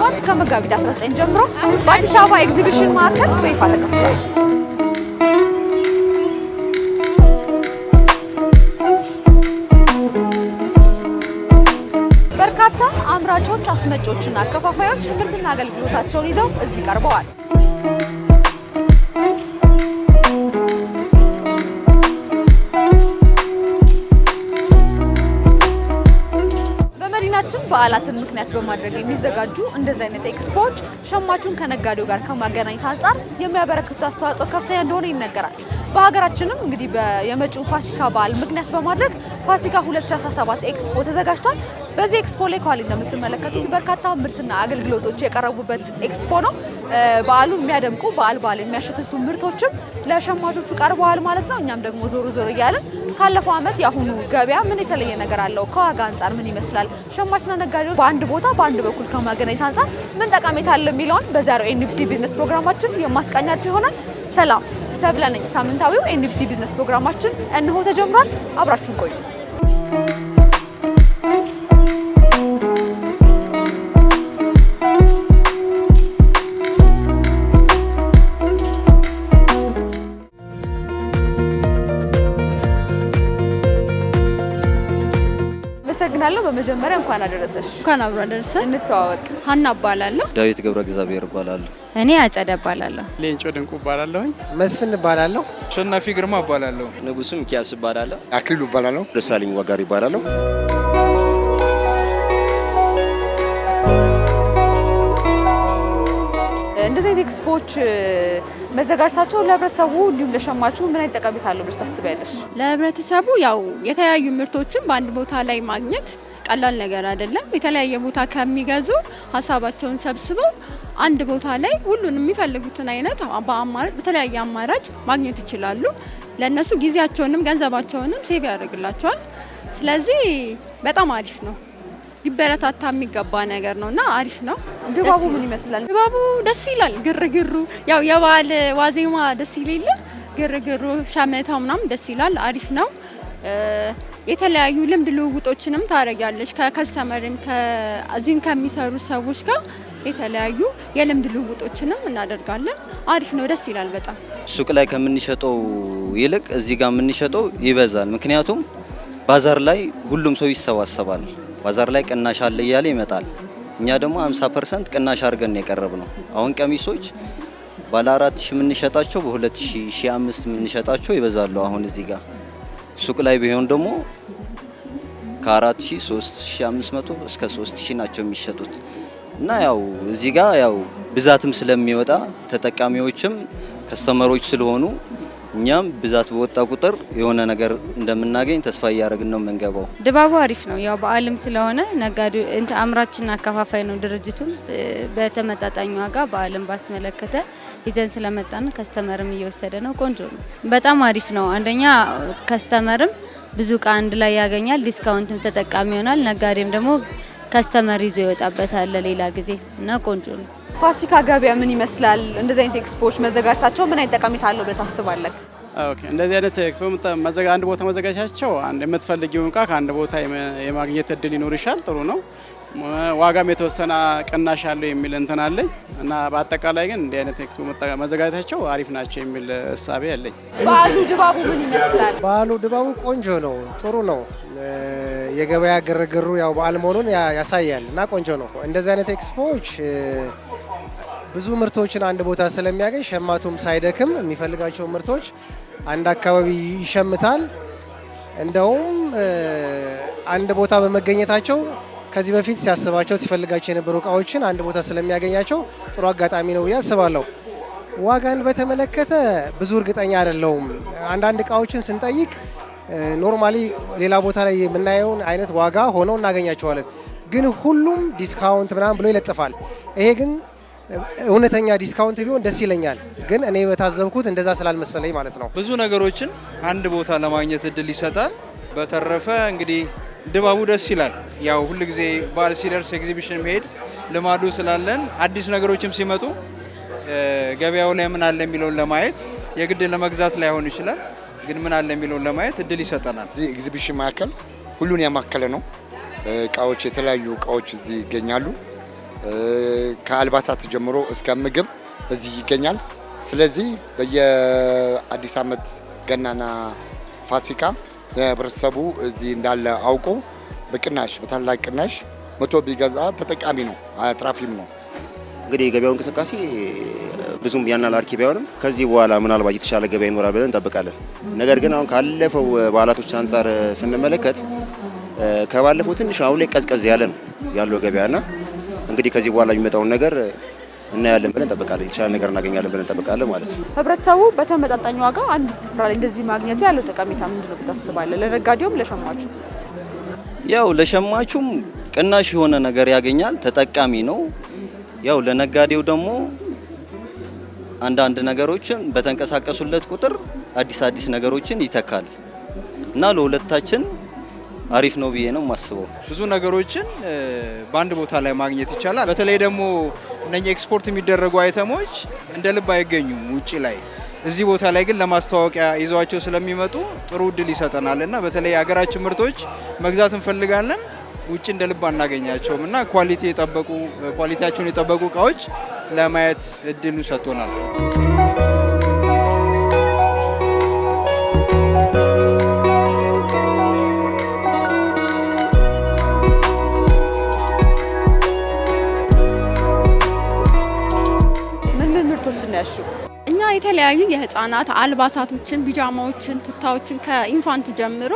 17 ከመጋቢት 19 ጀምሮ በአዲስ አበባ ኤግዚቢሽን ማዕከል በይፋ ተከፍቷል። በርካታ አምራቾች፣ አስመጪዎችና አከፋፋዮች ምርትና አገልግሎታቸውን ይዘው እዚህ ቀርበዋል። በዓላትን ምክንያት በማድረግ የሚዘጋጁ እንደዚህ አይነት ኤክስፖዎች ሸማቹን ከነጋዴው ጋር ከማገናኘት አንጻር የሚያበረክቱ አስተዋጽኦ ከፍተኛ እንደሆነ ይነገራል። በሀገራችንም እንግዲህ የመጪው ፋሲካ በዓል ምክንያት በማድረግ ፋሲካ 2017 ኤክስፖ ተዘጋጅቷል። በዚህ ኤክስፖ ላይ ከኋላ እንደምትመለከቱት በርካታ ምርትና አገልግሎቶች የቀረቡበት ኤክስፖ ነው። በዓሉን የሚያደምቁ በዓል በዓል የሚያሸትቱ ምርቶችም ለሸማቾቹ ቀርበዋል ማለት ነው። እኛም ደግሞ ዞሮ ዞሮ እያለን ካለፈው ዓመት የአሁኑ ገበያ ምን የተለየ ነገር አለው፣ ከዋጋ አንጻር ምን ይመስላል፣ ሸማችና ነጋዴዎች በአንድ ቦታ በአንድ በኩል ከማገናኘት አንጻር ምን ጠቀሜታ አለ የሚለውን በዛሬው ኤንቢሲ ቢዝነስ ፕሮግራማችን የማስቃኛቸው ይሆናል። ሰላም ሰብለነኝ። ሳምንታዊው ኤንቢሲ ቢዝነስ ፕሮግራማችን እንሆ ተጀምሯል። አብራችሁን ቆዩ። አመሰግናለሁ። በመጀመሪያ እንኳን አደረሰሽ። እንኳን አብሮ አደረሰ። እንተዋወቅ። ሀና እባላለሁ። ዳዊት ገብረ እግዚአብሔር እባላለሁ። እኔ አጸደ እባላለሁ። ሌንጮ ድንቁ እባላለሁ መስፍን እባላለሁ። አሸናፊ ግርማ እባላለሁ። ንጉሱ ሚኪያስ እባላለሁ። አክሊሉ እባላለሁ። ደሳለኝ ዋጋሪ እባላለሁ። እንደዚህ ኤክስፖች መዘጋጀታቸው ለህብረተሰቡ እንዲሁም ለሸማቹ ምን አይነት ጠቀሜታ አለው ብለሽ ታስቢያለሽ? ለህብረተሰቡ ያው የተለያዩ ምርቶችን በአንድ ቦታ ላይ ማግኘት ቀላል ነገር አይደለም። የተለያየ ቦታ ከሚገዙ ሀሳባቸውን ሰብስበው አንድ ቦታ ላይ ሁሉንም የሚፈልጉትን አይነት በአማራጭ በተለያየ አማራጭ ማግኘት ይችላሉ። ለእነሱ ጊዜያቸውንም ገንዘባቸውንም ሴቭ ያደርግላቸዋል። ስለዚህ በጣም አሪፍ ነው። ሊበረታታ የሚገባ ነገር ነው እና አሪፍ ነው። ድባቡ ምን ይመስላል? ድባቡ ደስ ይላል። ግርግሩ ያው የበዓል ዋዜማ ደስ ይሌለ ግርግሩ፣ ሸመታው ምናምን ደስ ይላል። አሪፍ ነው። የተለያዩ ልምድ ልውውጦችንም ታደርጊያለሽ ከከስተመርም ከዚህን ከሚሰሩ ሰዎች ጋር የተለያዩ የልምድ ልውውጦችንም እናደርጋለን። አሪፍ ነው፣ ደስ ይላል በጣም። ሱቅ ላይ ከምንሸጠው ይልቅ እዚህ ጋር የምንሸጠው ይበዛል። ምክንያቱም ባዛር ላይ ሁሉም ሰው ይሰባሰባል። ባዛር ላይ ቅናሽ አለ እያለ ይመጣል። እኛ ደግሞ 50 ፐርሰንት ቅናሽ አድርገን የቀረብ ነው። አሁን ቀሚሶች ባለ 4000 የምንሸጣቸው በ2000 5 የምንሸጣቸው ይበዛሉ። አሁን እዚህ ጋር ሱቅ ላይ ቢሆን ደግሞ ከ4000 3500 እስከ 3000 ናቸው የሚሸጡት እና ያው እዚህ ጋር ያው ብዛትም ስለሚወጣ ተጠቃሚዎችም ከስተመሮች ስለሆኑ እኛም ብዛት በወጣ ቁጥር የሆነ ነገር እንደምናገኝ ተስፋ እያደረግን ነው የምንገባው። ድባቡ አሪፍ ነው። ያው በዓልም ስለሆነ ነጋዴ እንትን አምራችና አካፋፋይ ነው ድርጅቱም በተመጣጣኝ ዋጋ በዓልን ባስመለከተ ይዘን ስለመጣን ከስተመርም እየወሰደ ነው። ቆንጆ ነው። በጣም አሪፍ ነው። አንደኛ ከስተመርም ብዙ እቃ አንድ ላይ ያገኛል። ዲስካውንትም ተጠቃሚ ይሆናል። ነጋዴም ደግሞ ከስተመር ይዞ ይወጣበታል ለሌላ ጊዜ እና ቆንጆ ነው። ፋሲካ ገበያ ምን ይመስላል? እንደዚህ አይነት ኤክስፖዎች መዘጋጀታቸው ምን አይነት ጠቀሜታ አለው ብለህ ታስባለህ? ኦኬ እንደዚህ አይነት ኤክስፖ አንድ ቦታ መዘጋጀታቸው የምትፈልጊው እቃ ከአንድ ቦታ የማግኘት እድል ይኖርሻል። ጥሩ ነው። ዋጋም የተወሰነ ቅናሽ አለው የሚል እንትን አለኝ እና በአጠቃላይ ግን እንዲህ አይነት ኤክስፖ መዘጋጀታቸው አሪፍ ናቸው የሚል እሳቤ አለኝ። በዓሉ ድባቡ ምን ይመስላል? በዓሉ ድባቡ ቆንጆ ነው፣ ጥሩ ነው። የገበያ ግርግሩ ያው በዓል መሆኑን ያሳያል እና ቆንጆ ነው። እንደዚህ አይነት ኤክስፖዎች ብዙ ምርቶችን አንድ ቦታ ስለሚያገኝ ሸማቱም ሳይደክም የሚፈልጋቸው ምርቶች አንድ አካባቢ ይሸምታል። እንደውም አንድ ቦታ በመገኘታቸው ከዚህ በፊት ሲያስባቸው ሲፈልጋቸው የነበሩ እቃዎችን አንድ ቦታ ስለሚያገኛቸው ጥሩ አጋጣሚ ነው ብዬ አስባለሁ። ዋጋን በተመለከተ ብዙ እርግጠኛ አይደለውም። አንዳንድ እቃዎችን ስንጠይቅ ኖርማሊ ሌላ ቦታ ላይ የምናየውን አይነት ዋጋ ሆነው እናገኛቸዋለን። ግን ሁሉም ዲስካውንት ምናምን ብሎ ይለጥፋል። ይሄ ግን እውነተኛ ዲስካውንት ቢሆን ደስ ይለኛል፣ ግን እኔ በታዘብኩት እንደዛ ስላልመሰለኝ ማለት ነው። ብዙ ነገሮችን አንድ ቦታ ለማግኘት እድል ይሰጣል። በተረፈ እንግዲህ ድባቡ ደስ ይላል። ያው ሁል ጊዜ በዓል ሲደርስ ኤግዚቢሽን መሄድ ልማዱ ስላለን አዲስ ነገሮችም ሲመጡ ገበያው ላይ ምን አለ የሚለውን ለማየት የግድ ለመግዛት ላይሆን ይችላል፣ ግን ምን አለ የሚለውን ለማየት እድል ይሰጠናል። እዚህ ኤግዚቢሽን ማዕከል ሁሉን ያማከለ ነው። እቃዎች የተለያዩ እቃዎች እዚህ ይገኛሉ። ከአልባሳት ጀምሮ እስከ ምግብ እዚህ ይገኛል። ስለዚህ በየአዲስ ዓመት ገናና ፋሲካ ህብረተሰቡ እዚህ እንዳለ አውቆ በቅናሽ በታላቅ ቅናሽ መቶ ቢገዛ ተጠቃሚ ነው፣ አትራፊም ነው። እንግዲህ የገበያው እንቅስቃሴ ብዙም ያናል አርኪ ባይሆንም ከዚህ በኋላ ምናልባት የተሻለ ገበያ ይኖራል ብለን እንጠብቃለን። ነገር ግን አሁን ካለፈው በዓላቶች አንጻር ስንመለከት ከባለፈው ትንሽ አሁን ላይ ቀዝቀዝ ያለ ነው ያለው ገበያና እንግዲህ ከዚህ በኋላ የሚመጣውን ነገር እናያለን ብለን እንጠብቃለን። የተሻለ ነገር እናገኛለን ብለን እንጠብቃለን ማለት ነው። ህብረተሰቡ በተመጣጣኝ ዋጋ አንድ ስፍራ ላይ እንደዚህ ማግኘቱ ያለው ጠቀሜታ ምንድን ነው ብታስባለህ? ለነጋዴውም ለሸማቹ ያው ለሸማቹም ቅናሽ የሆነ ነገር ያገኛል፣ ተጠቃሚ ነው። ያው ለነጋዴው ደግሞ አንዳንድ ነገሮችን በተንቀሳቀሱለት ቁጥር አዲስ አዲስ ነገሮችን ይተካል እና ለሁለታችን አሪፍ ነው ብዬ ነው የማስበው። ብዙ ነገሮችን በአንድ ቦታ ላይ ማግኘት ይቻላል። በተለይ ደግሞ እነኚህ ኤክስፖርት የሚደረጉ አይተሞች እንደ ልብ አይገኙም ውጭ ላይ። እዚህ ቦታ ላይ ግን ለማስተዋወቂያ ይዘዋቸው ስለሚመጡ ጥሩ እድል ይሰጠናል እና በተለይ የሀገራችን ምርቶች መግዛት እንፈልጋለን፣ ውጭ እንደ ልብ አናገኛቸውም እና ኳሊቲ የጠበቁ ኳሊቲያቸውን የጠበቁ እቃዎች ለማየት እድሉ ሰጥቶናል። እኛ የተለያዩ የህፃናት አልባሳቶችን፣ ቢጃማዎችን፣ ቱታዎችን ከኢንፋንት ጀምሮ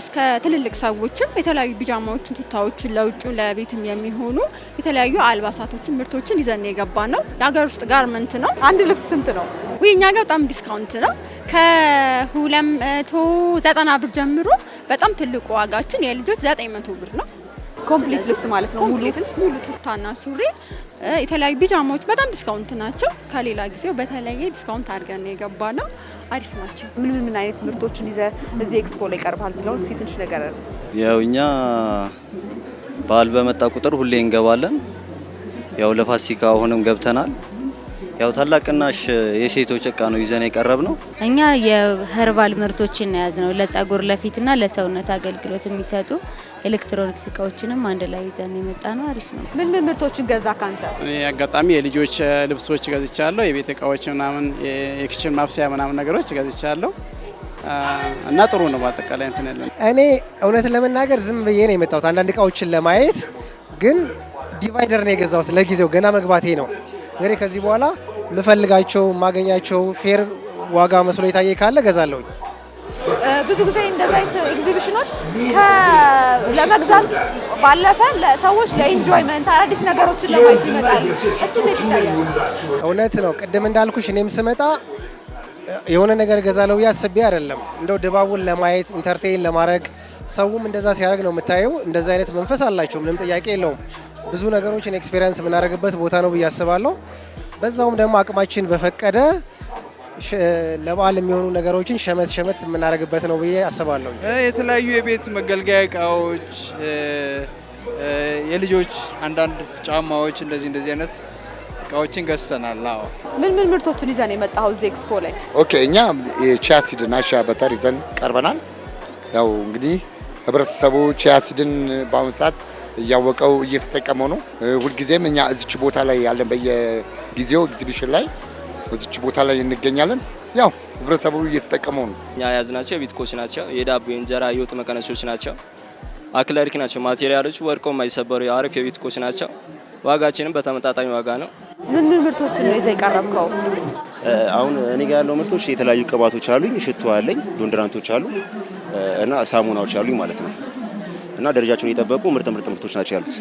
እስከ ትልልቅ ሰዎችም የተለያዩ ቢጃማዎችን፣ ቱታዎችን ለውጭ ለቤትም የሚሆኑ የተለያዩ አልባሳቶችን፣ ምርቶችን ይዘን የገባ ነው። የሀገር ውስጥ ጋርመንት ነው። አንድ ልብስ ስንት ነው? ውይ እኛ ጋር በጣም ዲስካውንት ነው። ከሁለት መቶ ዘጠና ብር ጀምሮ በጣም ትልቁ ዋጋችን የልጆች ዘጠኝ መቶ ብር ነው። ኮምፕሊት ልብስ ማለት ነው። ሙሉ ልብስ ሙሉ ቱታና ሱሪ፣ የተለያዩ ቢጃማዎች በጣም ዲስካውንት ናቸው። ከሌላ ጊዜው በተለየ ዲስካውንት አድርገን ነው የገባ ነው። አሪፍ ናቸው። ምን ምን ምን አይነት ምርቶችን ይዘ እዚህ ኤክስፖ ላይ ይቀርባል ብለው እስኪ ትንሽ ነገር ያው እኛ በዓል በመጣ ቁጥር ሁሌ እንገባለን። ያው ለፋሲካ አሁንም ገብተናል። ያው ታላቅ ቅናሽ የሴቶች እቃ ነው ይዘን የቀረብ ነው። እኛ የሄርባል ምርቶችን የያዝ ነው ለጸጉር ለፊትና ለሰውነት አገልግሎት የሚሰጡ ኤሌክትሮኒክስ እቃዎችንም አንድ ላይ ይዘን የመጣ ነው። አሪፍ ነው። ምን ምን ምርቶችን ገዛ ካንተ? አጋጣሚ የልጆች ልብሶች ገዝቻለሁ፣ የቤት እቃዎች ምናምን፣ የኪችን ማብሰያ ምናምን ነገሮች ገዝቻለሁ እና ጥሩ ነው። በአጠቃላይ እንትን ያለን እኔ እውነት ለመናገር ዝም ብዬ ነው የመጣሁት አንዳንድ እቃዎችን ለማየት ግን ዲቫይደር ነው የገዛሁት። ለጊዜው ገና መግባቴ ነው እንግዲህ ከዚህ በኋላ ምፈልጋቸው ማገኛቸው ፌር ዋጋ መስሎ የታየ ካለ ገዛለሁኝ። ብዙ ጊዜ እንደዚህ አይነት ኤግዚቢሽኖች ለመግዛት ባለፈ ሰዎች ለኢንጆይመንት አዳዲስ ነገሮችን ለማየት ይመጣል። እስቲ እንዴት ይታያል? እውነት ነው። ቅድም እንዳልኩሽ እኔም ስመጣ የሆነ ነገር ገዛለው ብዬ አይደለም እንደው ድባቡን ለማየት ኢንተርቴን ለማድረግ ሰውም እንደዛ ሲያደርግ ነው የምታየው። እንደዛ አይነት መንፈስ አላቸው፣ ምንም ጥያቄ የለውም። ብዙ ነገሮችን ኤክስፔሪንስ የምናደርግበት ቦታ ነው ብዬ አስባለሁ። በዛውም ደግሞ አቅማችን በፈቀደ ለበዓል የሚሆኑ ነገሮችን ሸመት ሸመት የምናደርግበት ነው ብዬ አስባለሁ። የተለያዩ የቤት መገልገያ እቃዎች፣ የልጆች አንዳንድ ጫማዎች፣ እንደዚህ እንደዚህ አይነት እቃዎችን ገዝተናል። አዎ። ምን ምን ምርቶችን ይዘን የመጣው እዚህ ኤክስፖ ላይ? ኦኬ እኛ የቺያ ሲድና ሺያ በተር ይዘን ቀርበናል። ያው እንግዲህ ህብረተሰቡ ያስድን በአሁኑ ሰዓት እያወቀው እየተጠቀመው ነው። ሁልጊዜም እኛ እዚች ቦታ ላይ ያለን በየጊዜው ኤግዚቢሽን ላይ እዚች ቦታ ላይ እንገኛለን። ያው ህብረተሰቡ እየተጠቀመው ነው። እኛ የያዝናቸው ቢትኮች ናቸው፣ የዳቦ የእንጀራ የወጥ መቀነሶች ናቸው፣ አክለሪክ ናቸው። ማቴሪያሎች ወርቆ የማይሰበሩ አሪፍ የቢትኮች ናቸው። ዋጋችንም በተመጣጣኝ ዋጋ ነው። ምን ምን ምርቶችን ነው ይዘ የቀረብከው? አሁን እኔ ጋር ያለው ምርቶች የተለያዩ ቅባቶች አሉኝ፣ ሽቶ አለኝ፣ ዶንድራንቶች አሉ እና ሳሙናዎች አሉኝ ማለት ነው እና ደረጃቸውን የጠበቁ ምርጥ ምርጥ ምርቶች ናቸው ያሉት።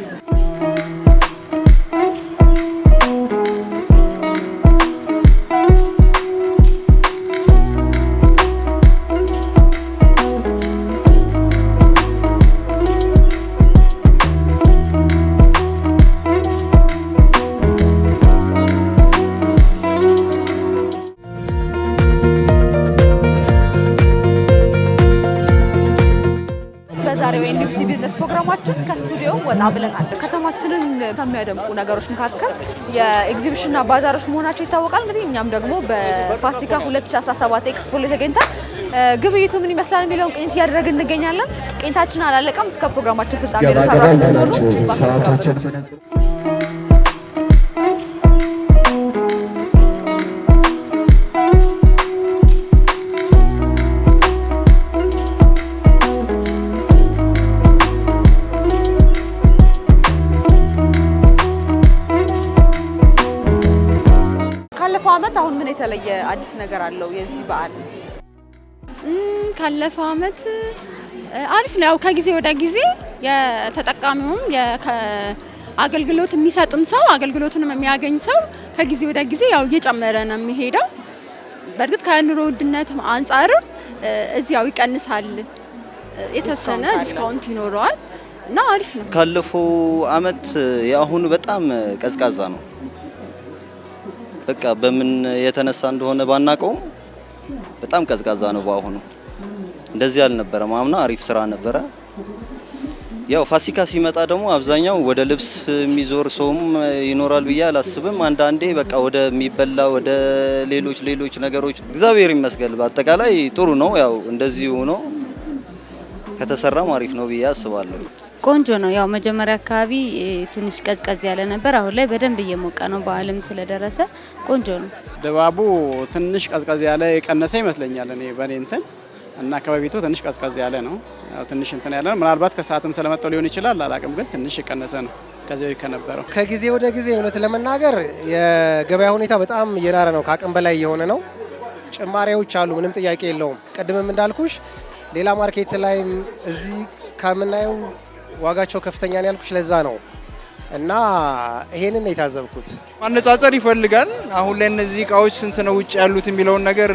ብለናል። ከተማችንን ከሚያደምቁ ነገሮች መካከል የኤግዚቢሽንና ባዛሮች መሆናቸው ይታወቃል። እንግዲህ እኛም ደግሞ በፋሲካ 2017 ኤክስፖ ላይ ተገኝተን ግብይቱ ምን ይመስላል የሚለውን ቅኝት እያደረግን እንገኛለን። ቅኝታችን አላለቀም። እስከ ፕሮግራማችን ፍጻሜ ድረስ አብራችሁ ነገር አለው የዚህ በዓል? ካለፈው አመት አሪፍ ነው። ያው ከጊዜ ወደ ጊዜ የተጠቃሚውም አገልግሎት የሚሰጡም ሰው አገልግሎቱንም የሚያገኝ ሰው ከጊዜ ወደ ጊዜ ያው እየጨመረ ነው የሚሄደው። በእርግጥ ከኑሮ ውድነት አንጻርም እዚያው ይቀንሳል፣ የተወሰነ ዲስካውንት ይኖረዋል እና አሪፍ ነው። ካለፈው አመት የአሁኑ በጣም ቀዝቃዛ ነው። በቃ በምን የተነሳ እንደሆነ ባናቀውም በጣም ቀዝቃዛ ነው። በአሁኑ እንደዚህ አልነበረም። አምና አሪፍ ስራ ነበረ። ያው ፋሲካ ሲመጣ ደግሞ አብዛኛው ወደ ልብስ የሚዞር ሰውም ይኖራል ብዬ አላስብም። አንዳንዴ በቃ ወደ ሚበላ ወደ ሌሎች ሌሎች ነገሮች እግዚአብሔር ይመስገን በአጠቃላይ ጥሩ ነው። ያው እንደዚህ ሆኖ ከተሰራም አሪፍ ነው ብዬ አስባለሁ። ቆንጆ ነው። ያው መጀመሪያ አካባቢ ትንሽ ቀዝቀዝ ያለ ነበር። አሁን ላይ በደንብ እየሞቀ ነው። በዓልም ስለደረሰ ቆንጆ ነው። ድባቡ ትንሽ ቀዝቀዝ ያለ የቀነሰ ይመስለኛል እኔ በእኔ እንትን እና ከበፊቱ ትንሽ ቀዝቀዝ ያለ ነው። ትንሽ እንትን ያለ ነው። ምናልባት ከሰዓትም ስለመጠው ሊሆን ይችላል አላቅም፣ ግን ትንሽ የቀነሰ ነው ከዚያ ከነበረው። ከጊዜ ወደ ጊዜ እውነት ለመናገር የገበያ ሁኔታ በጣም እየናረ ነው። ከአቅም በላይ የሆነ ነው። ጭማሪዎች አሉ፣ ምንም ጥያቄ የለውም። ቅድምም እንዳልኩሽ ሌላ ማርኬት ላይም እዚህ ከምናየው ዋጋቸው ከፍተኛ ነው ያልኩሽ ለዛ ነው። እና ይሄንን የታዘብኩት ማነጻጸር ይፈልጋል። አሁን ላይ እነዚህ እቃዎች ስንት ነው ውጭ ያሉት የሚለውን ነገር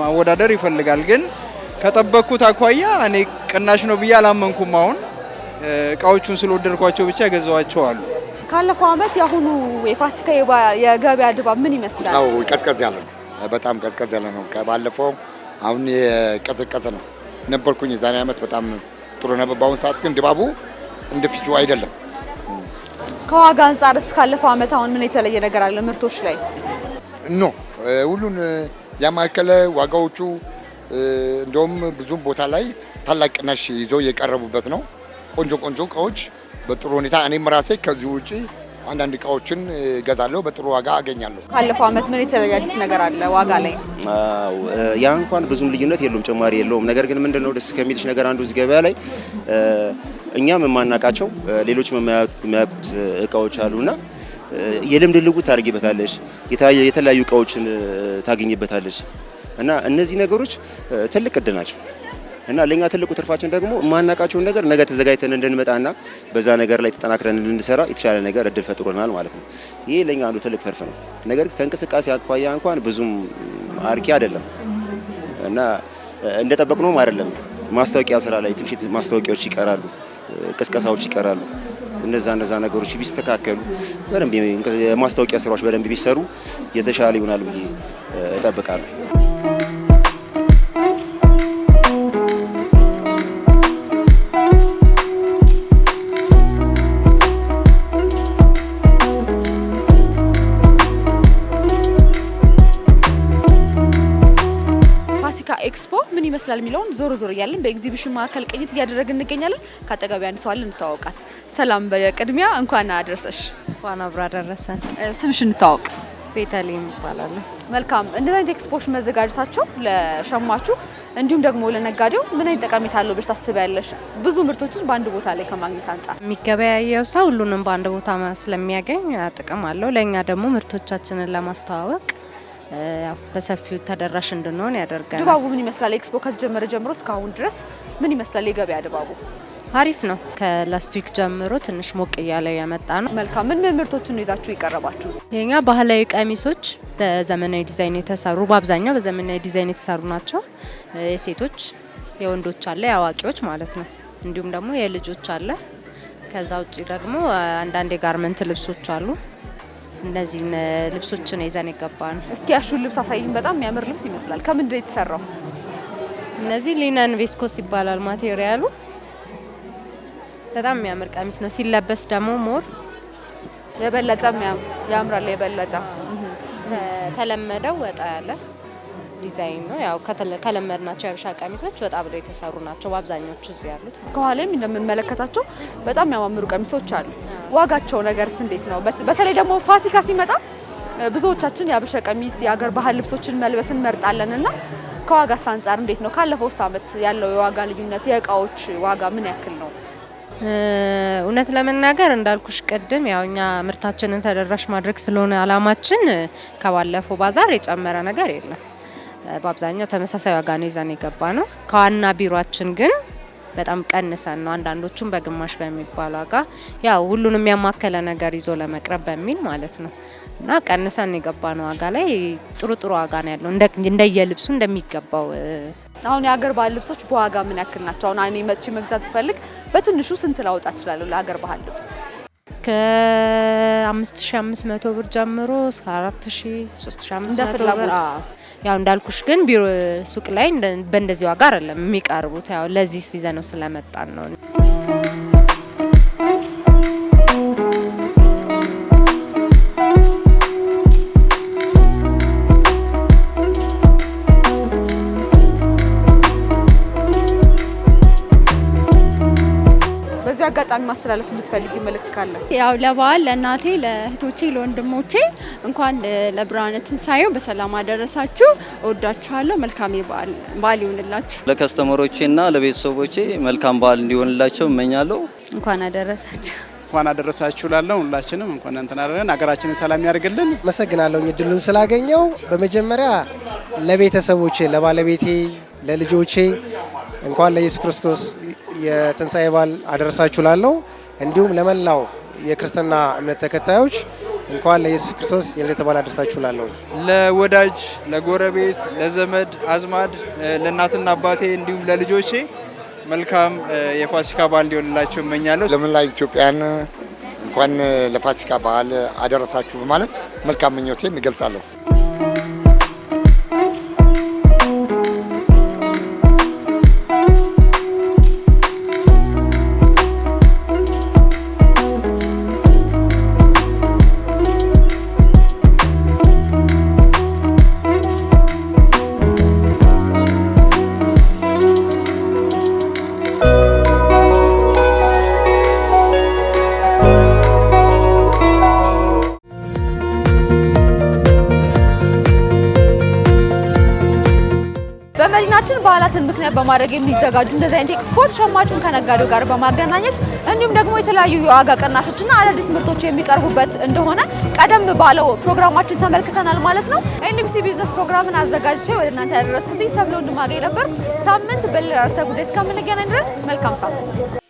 ማወዳደር ይፈልጋል። ግን ከጠበቅኩት አኳያ እኔ ቅናሽ ነው ብዬ አላመንኩም። አሁን እቃዎቹን ስለወደድኳቸው ብቻ ገዛዋቸው አሉ። ካለፈው አመት የአሁኑ የፋሲካ የገበያ ድባብ ምን ይመስላል? አዎ ቀዝቀዝ ያለ ነው፣ በጣም ቀዝቀዝ ያለ ነው። ባለፈው አሁን የቀዘቀዘ ነው ነበርኩኝ። የዛኔ አመት በጣም ጥሩ ነበር። በአሁኑ ሰዓት ግን ድባቡ እንደፊቱ አይደለም። ከዋጋ አንጻር እስካለፈው ዓመት አሁን ምን የተለየ ነገር አለ ምርቶች ላይ? ኖ ሁሉን ያማከለ ዋጋዎቹ እንደውም ብዙም ቦታ ላይ ታላቅ ቅናሽ ይዘው የቀረቡበት ነው። ቆንጆ ቆንጆ እቃዎች በጥሩ ሁኔታ እኔም ራሴ ከዚህ ውጪ አንዳንድ እቃዎችን እገዛለሁ፣ በጥሩ ዋጋ አገኛለሁ። ካለፈው ዓመት ምን የተለየ አዲስ ነገር አለ ዋጋ ላይ? አዎ ያ እንኳን ብዙም ልዩነት የለውም ጭማሪ የለውም። ነገር ግን ምንድነው ደስ ከሚልሽ ነገር አንዱ እዚህ ገበያ ላይ እኛም የማናውቃቸው ሌሎች የሚያውቁት እቃዎች አሉና የልምድ ልውውጥ ታደርጊበታለሽ፣ የተለያዩ እቃዎችን ታገኝበታለሽ እና እነዚህ ነገሮች ትልቅ እድል ናቸው እና ለእኛ ትልቁ ትርፋችን ደግሞ የማናውቃቸውን ነገር ነገ ተዘጋጅተን እንድንመጣና በዛ ነገር ላይ ተጠናክረን እንድንሰራ የተሻለ ነገር እድል ፈጥሮናል ማለት ነው። ይህ ለእኛ አንዱ ትልቅ ትርፍ ነው። ነገር ከእንቅስቃሴ አኳያ እንኳን ብዙም አርኪ አይደለም እና እንደጠበቅነውም አይደለም። ማስታወቂያ ስራ ላይ ትንሽ ማስታወቂያዎች ይቀራሉ። ቅስቀሳዎች ይቀራሉ። እነዛ እነዛ ነገሮች ቢስተካከሉ በደንብ የማስታወቂያ ስራዎች በደንብ ቢሰሩ የተሻለ ይሆናል ብዬ እጠብቃለሁ። ይመስላል የሚለውን ዞር ዞር እያለን በኤግዚቢሽን መካከል ቅኝት እያደረግን እንገኛለን። ከአጠገቢ አንድ ሰዋል አለ፣ እንተዋወቃት። ሰላም፣ በቅድሚያ እንኳን አደረሰሽ። እንኳን አብሮ አደረሰን። ስምሽ እንተዋወቅ። ቤተልሔም ይባላል። መልካም። እንደዚህ አይነት ኤክስፖዎች መዘጋጀታቸው ለሸማቹ እንዲሁም ደግሞ ለነጋዴው ምን አይነት ጠቀሜታ አለው ብለሽ ታስቢያለሽ? ብዙ ምርቶችን በአንድ ቦታ ላይ ከማግኘት አንጻር የሚገበያየው ሰው ሁሉንም በአንድ ቦታ ስለሚያገኝ ጥቅም አለው። ለእኛ ደግሞ ምርቶቻችንን ለማስተዋወቅ በሰፊው ተደራሽ እንድንሆን ያደርጋል። ድባቡ ምን ይመስላል? ኤክስፖ ከተጀመረ ጀምሮ እስካሁን ድረስ ምን ይመስላል የገበያ ድባቡ? አሪፍ ነው። ዊክ ጀምሮ ትንሽ ሞቅ እያለ የመጣ ነው። መልካም። ምን ምን ምርቶችን ይዛችሁ ይቀረባችሁ? የኛ ባህላዊ ቀሚሶች በዘመናዊ ዲዛይን የተሰሩ በአብዛኛው በዘመናዊ ዲዛይን የተሰሩ ናቸው። የሴቶች የወንዶች አለ የአዋቂዎች ማለት ነው። እንዲሁም ደግሞ የልጆች አለ። ከዛ ውጭ ደግሞ አንዳንድ የጋርመንት ልብሶች አሉ። እነዚህን ልብሶች ነው ይዘን የገባ እስኪ ያሹን ልብስ አሳይኝ። በጣም የሚያምር ልብስ ይመስላል። ከምንድን የተሰራው? እነዚህ ሊነን ቬስኮስ ይባላል ማቴሪያሉ። በጣም የሚያምር ቀሚስ ነው። ሲለበስ ደግሞ ሞር የበለጠ ያምራል። የበለጠ ተለመደው ወጣ ያለ ዲዛይን ነው። ያው ከለመድናቸው የሀበሻ ቀሚሶች ወጣ ብለው የተሰሩ ናቸው በአብዛኞቹ እዚህ ያሉት። ከኋላም እንደምንመለከታቸው በጣም የሚያማምሩ ቀሚሶች አሉ። ዋጋቸው ነገርስ እንዴት ነው? በተለይ ደግሞ ፋሲካ ሲመጣ ብዙዎቻችን የሀበሻ ቀሚስ የሀገር ባህል ልብሶችን መልበስ እንመርጣለን እና ከዋጋ አንጻር እንዴት ነው? ካለፈው ዓመት ያለው የዋጋ ልዩነት የእቃዎች ዋጋ ምን ያክል ነው? እውነት ለመናገር እንዳልኩሽ ቅድም ያው እኛ ምርታችንን ተደራሽ ማድረግ ስለሆነ አላማችን ከባለፈው ባዛር የጨመረ ነገር የለም። በአብዛኛው ተመሳሳይ ዋጋ ነው ይዘን የገባ ነው። ከዋና ቢሮችን ግን በጣም ቀንሰን ነው አንዳንዶቹም በግማሽ በሚባል ዋጋ ያው ሁሉንም ያማከለ ነገር ይዞ ለመቅረብ በሚል ማለት ነው እና ቀንሰን ነው ዋጋ ላይ ጥሩ ጥሩ ዋጋ ነው ያለው እንደየልብሱ እንደሚገባው። አሁን የሀገር ባህል ልብሶች በዋጋ ምን ያክል ናቸው? አሁን እኔ መጥቼ መግዛት ብፈልግ በትንሹ ስንት ላውጣ እችላለሁ ለሀገር ባህል ልብስ? ከ5500 ብር ጀምሮ እስከ 4000 3500 ብር። ያው እንዳልኩሽ ግን ቢሮ ሱቅ ላይ በእንደዚህ ዋጋ አይደለም የሚቀርቡት። ያው ለዚህ ሲዘነው ስለመጣን ነው። በአጋጣሚ ማስተላለፍ የምትፈልግ መልእክት ካለ? ያው ለበዓል ለእናቴ፣ ለእህቶቼ፣ ለወንድሞቼ እንኳን ለብርሃነ ትንሳኤው በሰላም አደረሳችሁ። እወዳችኋለሁ። መልካም በዓል ይሆንላችሁ። ለከስተመሮቼና ለቤተሰቦቼ መልካም በዓል እንዲሆንላቸው እመኛለሁ። እንኳን አደረሳችሁ እንኳን አደረሳችሁ ላለው ሁላችንም እንኳን እንትን ሀገራችንን ሰላም ያደርግልን። አመሰግናለሁ እድሉን ስላገኘው። በመጀመሪያ ለቤተሰቦቼ፣ ለባለቤቴ፣ ለልጆቼ እንኳን ለኢየሱስ ክርስቶስ የትንሣኤ በዓል አደረሳችሁ ላለው እንዲሁም ለመላው የክርስትና እምነት ተከታዮች እንኳን ለኢየሱስ ክርስቶስ የልደተ በዓል አደረሳችሁ ላለው ለወዳጅ ለጎረቤት፣ ለዘመድ አዝማድ፣ ለእናትና አባቴ እንዲሁም ለልጆቼ መልካም የፋሲካ በዓል ሊሆንላቸው እመኛለሁ። ለመላ ኢትዮጵያን እንኳን ለፋሲካ በዓል አደረሳችሁ በማለት መልካም ምኞቴን እገልጻለሁ። በመዲናችን በዓላትን ምክንያት በማድረግ የሚዘጋጁ እንደዚህ አይነት ኤክስፖርት ሸማቹን ከነጋዴው ጋር በማገናኘት እንዲሁም ደግሞ የተለያዩ የዋጋ ቅናሾችና አዳዲስ ምርቶች የሚቀርቡበት እንደሆነ ቀደም ባለው ፕሮግራማችን ተመልክተናል ማለት ነው። ኤንቢሲ ቢዝነስ ፕሮግራምን አዘጋጅቼ ወደ እናንተ ያደረስኩት ሰብለ ወንድማገኝ ነበርኩ። ሳምንት በሌላ ርዕሰ ጉዳይ እስከምንገናኝ ድረስ መልካም ሳምንት።